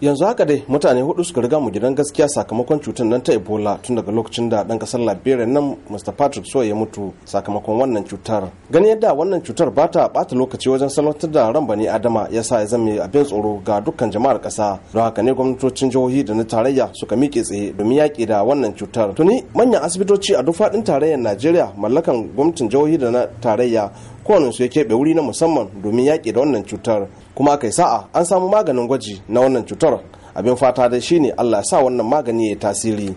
yanzu haka dai mutane hudu suka riga mu gidan gaskiya sakamakon cutar nan ta ebola tun daga lokacin da dan kasar liberia nan mr patrick so ya mutu sakamakon wannan cutar gani yadda wannan cutar ba ta bata lokaci wajen salwantar da ran bani adama ya sa ya zame abin tsoro ga dukkan jama'ar kasa don haka ne gwamnatocin jihohi da na tarayya suka miƙe tsaye domin yaƙi da wannan cutar tuni manyan asibitoci a duk faɗin tarayyar najeriya mallakan gwamnatin jihohi da na tarayya kowane su ya keɓe wuri na musamman domin yaƙi da wannan cutar kuma aka yi sa'a an samu maganin gwaji na wannan cutar abin fata da shi ne allah sa wannan magani ya tasiri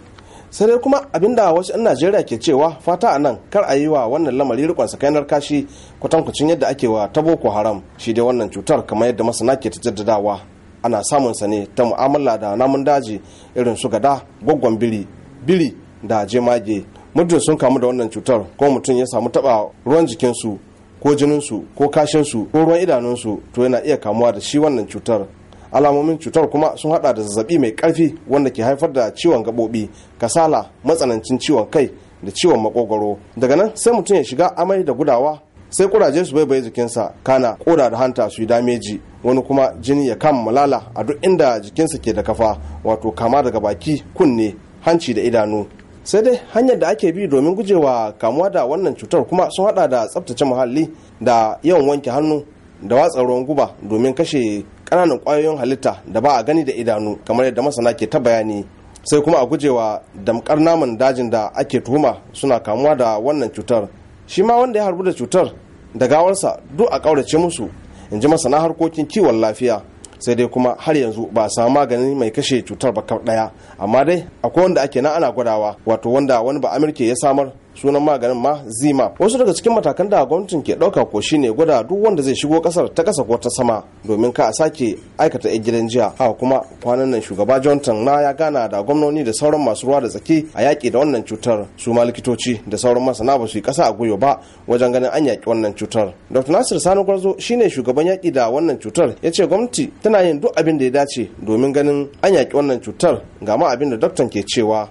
sai dai kuma da wasu 'yan najeriya ke cewa fata a nan kar a yi wa wannan lamari rikon sakainar kashi kwatankwacin yadda ake wa ta boko haram shi dai wannan cutar kamar yadda masana ke ta jaddadawa ana samun sa ne ta mu'amala da namun daji irin su gada gwaggon biri biri da jemage muddin sun kamu da wannan cutar ko mutum ya samu taba ruwan jikinsu ko jininsu ko kashinsu ko ruwan idanunsu to yana iya kamuwa da shi wannan cutar alamomin cutar kuma sun hada da zazzabi mai karfi wanda ke haifar da ciwon gabobi kasala matsanancin ciwon kai da ciwon makogwaro daga nan sai mutum ya shiga amai da gudawa sai kuraje su baibaye jikinsa kana koda da hanta su yi dameji wani kuma jini ya kama malala a duk inda jikinsa ke da kafa wato kama daga baki kunne hanci da idanu sai dai hanyar da ake bi domin gujewa kamuwa da wannan cutar kuma sun hada da tsabtace muhalli da yawan wanke hannu da watsa ruwan guba domin kashe ƙananan kwayoyin halitta da ba a gani da idanu kamar yadda masana ke ta bayani sai kuma a gujewa damkar naman dajin da ake tuhuma suna kamuwa da wannan cutar shi ma wanda ya harbu da cutar da gawarsa duk a kaurace musu in ji masana harkokin kiwon lafiya sai dai kuma har yanzu ba a samu maganin mai kashe cutar ba daya amma dai akwai wanda ake na ana gwadawa wato wanda wani ba amirke ya samar sunan maganin ma zima wasu daga cikin matakan da gwamnatin ke ɗauka ko shine gwada duk wanda zai shigo kasar ta kasa ko ta sama domin ka a sake aikata yan gidan jiya haka kuma kwanan nan shugaba johnson na ya gana da gwamnoni da sauran masu ruwa da tsaki a yaki da wannan cutar su ma likitoci da sauran masana ba su yi ƙasa a goyo ba wajen ganin an yaƙi wannan cutar dr nasir sani gwarzo shine shugaban yaki da wannan cutar ya ce gwamnati tana yin duk abin da ya dace domin ganin an yaƙi wannan cutar ga ma abin da daktan ke cewa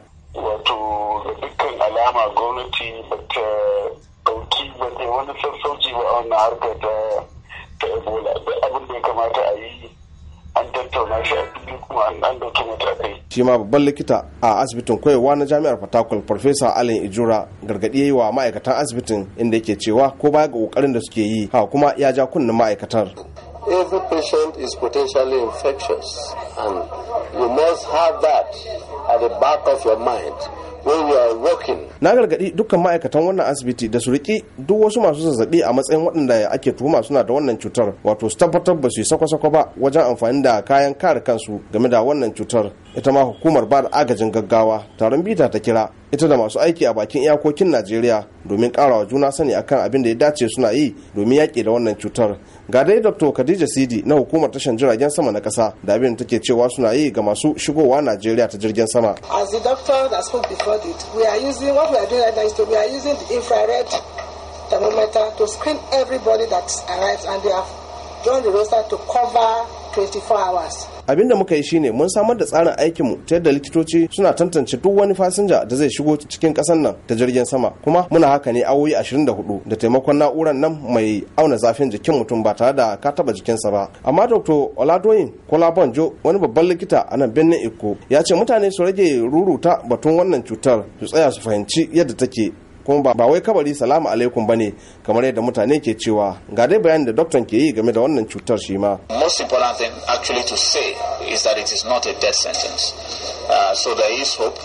ba ta ɗauki ba ne wani sassauci ba a wannan harkar ta ebola da abin da ya kamata a yi an tattauna shi a duk kuma an dauki matakai. shi ma babban likita a asibitin koyarwa na jami'ar fatakwal farfesa alin ijura gargaɗi yi wa ma'aikatan asibitin inda yake cewa ko baya ga kokarin da suke yi ha kuma ya ja kunnen ma'aikatar. every patient is potentially infectious and you must have that at the back of your mind na gargaɗi dukkan ma'aikatan wannan asibiti da su riƙi duk wasu masu zazzaɓi a matsayin waɗanda ake tuhuma suna da wannan cutar wato su tabbatar ba su yi sako-sako ba wajen amfani da kayan kare kansu game da wannan cutar ita ma hukumar ba da agajin gaggawa taron bita ta kira ita da masu aiki a bakin iyakokin najeriya domin ƙarawa juna sani akan abin da ya dace suna yi domin yaƙi da wannan cutar ga dai dr khadija sidi na hukumar tashar jiragen sama na kasa da abin take cewa suna yi ga masu shigowa najeriya ta jirgin sama as the doctor that spoke before did we are using what we are doing right now is to we are using the infrared thermometer to screen everybody that arrives and they have joined the roster to cover 24 hours Abin da muka yi shine mun samar da tsarin aikinmu ta yadda likitoci suna tantance duk wani fasinja da zai shigo cikin kasan nan ta jirgin sama kuma muna haka ne awoyi 24 da taimakon na'urar nan mai auna zafin jikin mutum ba tare da ka taba jikinsa ba amma dr oladoyin kolabonjo wani babban likita a nan birnin iko ya ce mutane su rage ruruta batun wannan cutar su tsaya su fahimci yadda take kuma ba wai kabari salamu alaikum bane kamar yadda mutane ke cewa ga dai bayanin da doktan ke yi game da wannan cutar shi ma most important thing actually to say is that it is not a death sentence uh, so there is hope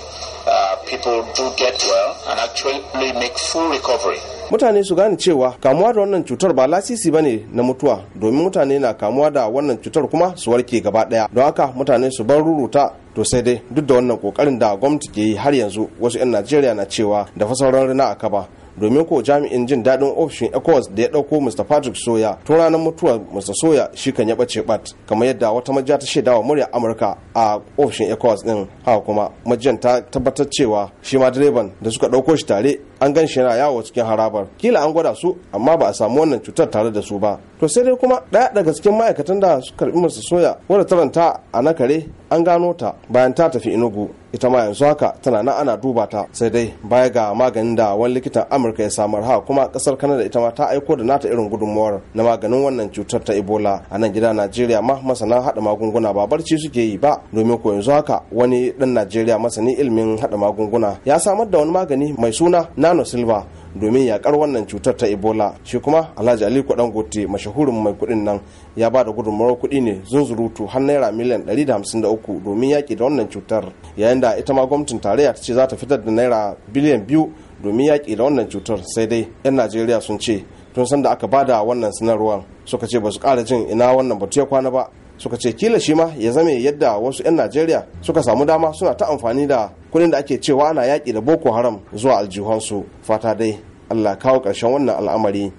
uh, people do get well and actually make full recovery mutane su gane cewa kamuwa da wannan cutar ba lasisi bane na mutuwa domin mutane na kamuwa da wannan cutar kuma su warke gaba daya don haka mutane su bar ruruta to sai dai duk da wannan kokarin da gwamnati ke yi har yanzu wasu 'yan najeriya na cewa da fa sauran rina a kaba domin ko jami'in jin daɗin ofishin ecowas da ya ɗauko mr patrick soya tun ranar mutuwar mr soya shi kan ya ɓace bat. kamar yadda wata majiya ta shaidawa murya amurka a ofishin ecowas ɗin haka kuma majiyan ta tabbatar cewa shi ma direban da suka ɗauko shi tare an gan shi yana yawo cikin harabar kila an gwada su amma ba a samu wannan cutar tare da su ba to sai dai kuma ɗaya daga cikin ma'aikatan da suka karɓi mr soya wadda ranta a na kare an gano ta bayan ta tafi inugu ita ma yanzu haka tana nan ana duba ta sai dai baya ga maganin da wani likitan amurka ya samar ha kuma kasar kanada ita ma ta aiko da nata irin gudunmuwar na maganin wannan cutar ta ebola a nan gida najeriya ma masana hada magunguna ba barci suke yi ba domin ko yanzu haka wani dan najeriya masani ilimin hada magunguna ya samar da wani magani mai suna nano silver domin yakar wannan cutar ta ebola shi kuma alhaji aliko dangote mashahurin mai kuɗin nan ya ba da gudunmawar kuɗi ne zunzurutu har naira miliyan 153 domin yaƙi da wannan cutar yayin da ita ma gwamnatin tarayya ta ce za ta fitar da naira biliyan biyu domin yaƙi da wannan cutar sai dai 'yan najeriya sun ce tun sanda aka bada wannan sanarwar suka ce ba su ƙara jin ina wannan batu ya kwana ba suka ce kila shi ma ya zame yadda wasu 'yan najeriya suka samu dama suna ta amfani da kudin da ake cewa ana yaƙi da boko haram zuwa aljihunsu fata dai allah kawo ƙarshen wannan al'amari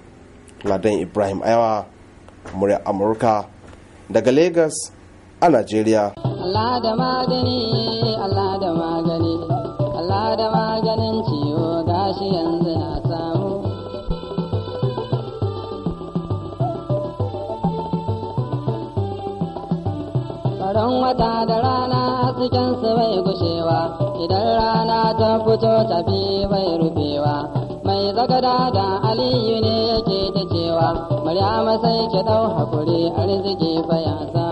ladan ibrahim ayawa murya amurka daga lagos a najeriya allah da maganin ciwo gashi yanzu Tsaron wata da rana cikin su bai gushewa, idan rana ta fito tafi bai rufewa. Mai zagada da Aliyu ne yake ta cewa, Maryama sai ki ɗau hakuri arziki fa